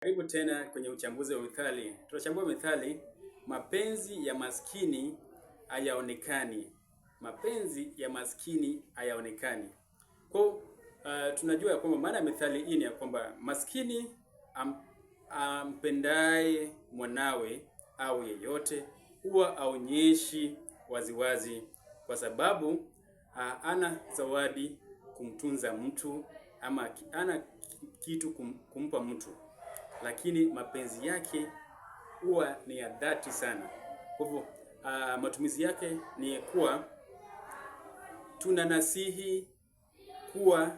Karibu tena kwenye uchambuzi wa methali. Tunachambua methali mapenzi ya maskini hayaonekani. Mapenzi ya maskini hayaonekani. Kwa uh, tunajua ya kwamba maana ya methali hii ni ya kwamba maskini am, ampendaye mwanawe au yeyote huwa aonyeshi waziwazi, kwa sababu uh, ana zawadi kumtunza mtu ama ana kitu kum, kumpa mtu lakini mapenzi yake huwa ni ya dhati sana. Kwa hivyo uh, matumizi yake ni kuwa tuna nasihi kuwa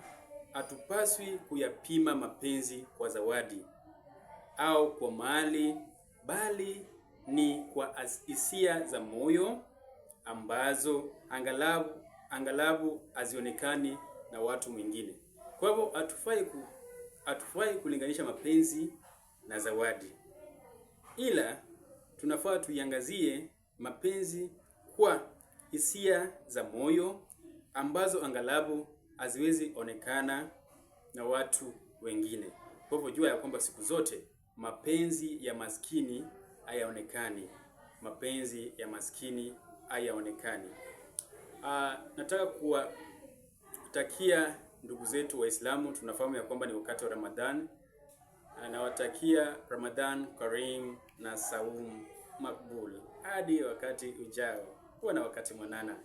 hatupaswi kuyapima mapenzi kwa zawadi au kwa mali, bali ni kwa hisia za moyo ambazo angalau angalau hazionekani na watu mwingine. Kwa hivyo hatufai ku hatufai kulinganisha mapenzi na zawadi, ila tunafaa tuiangazie mapenzi kwa hisia za moyo ambazo angalabu haziwezi onekana na watu wengine. Kwa hivyo jua ya kwamba siku zote mapenzi ya maskini hayaonekani, mapenzi ya maskini hayaonekani. Ah, nataka kuwatakia ndugu zetu Waislamu, tunafahamu ya kwamba ni wakati wa Ramadhani. Anawatakia Ramadhan Karim na Saum Makbul. Hadi wakati ujao, kuwa na wakati mwanana.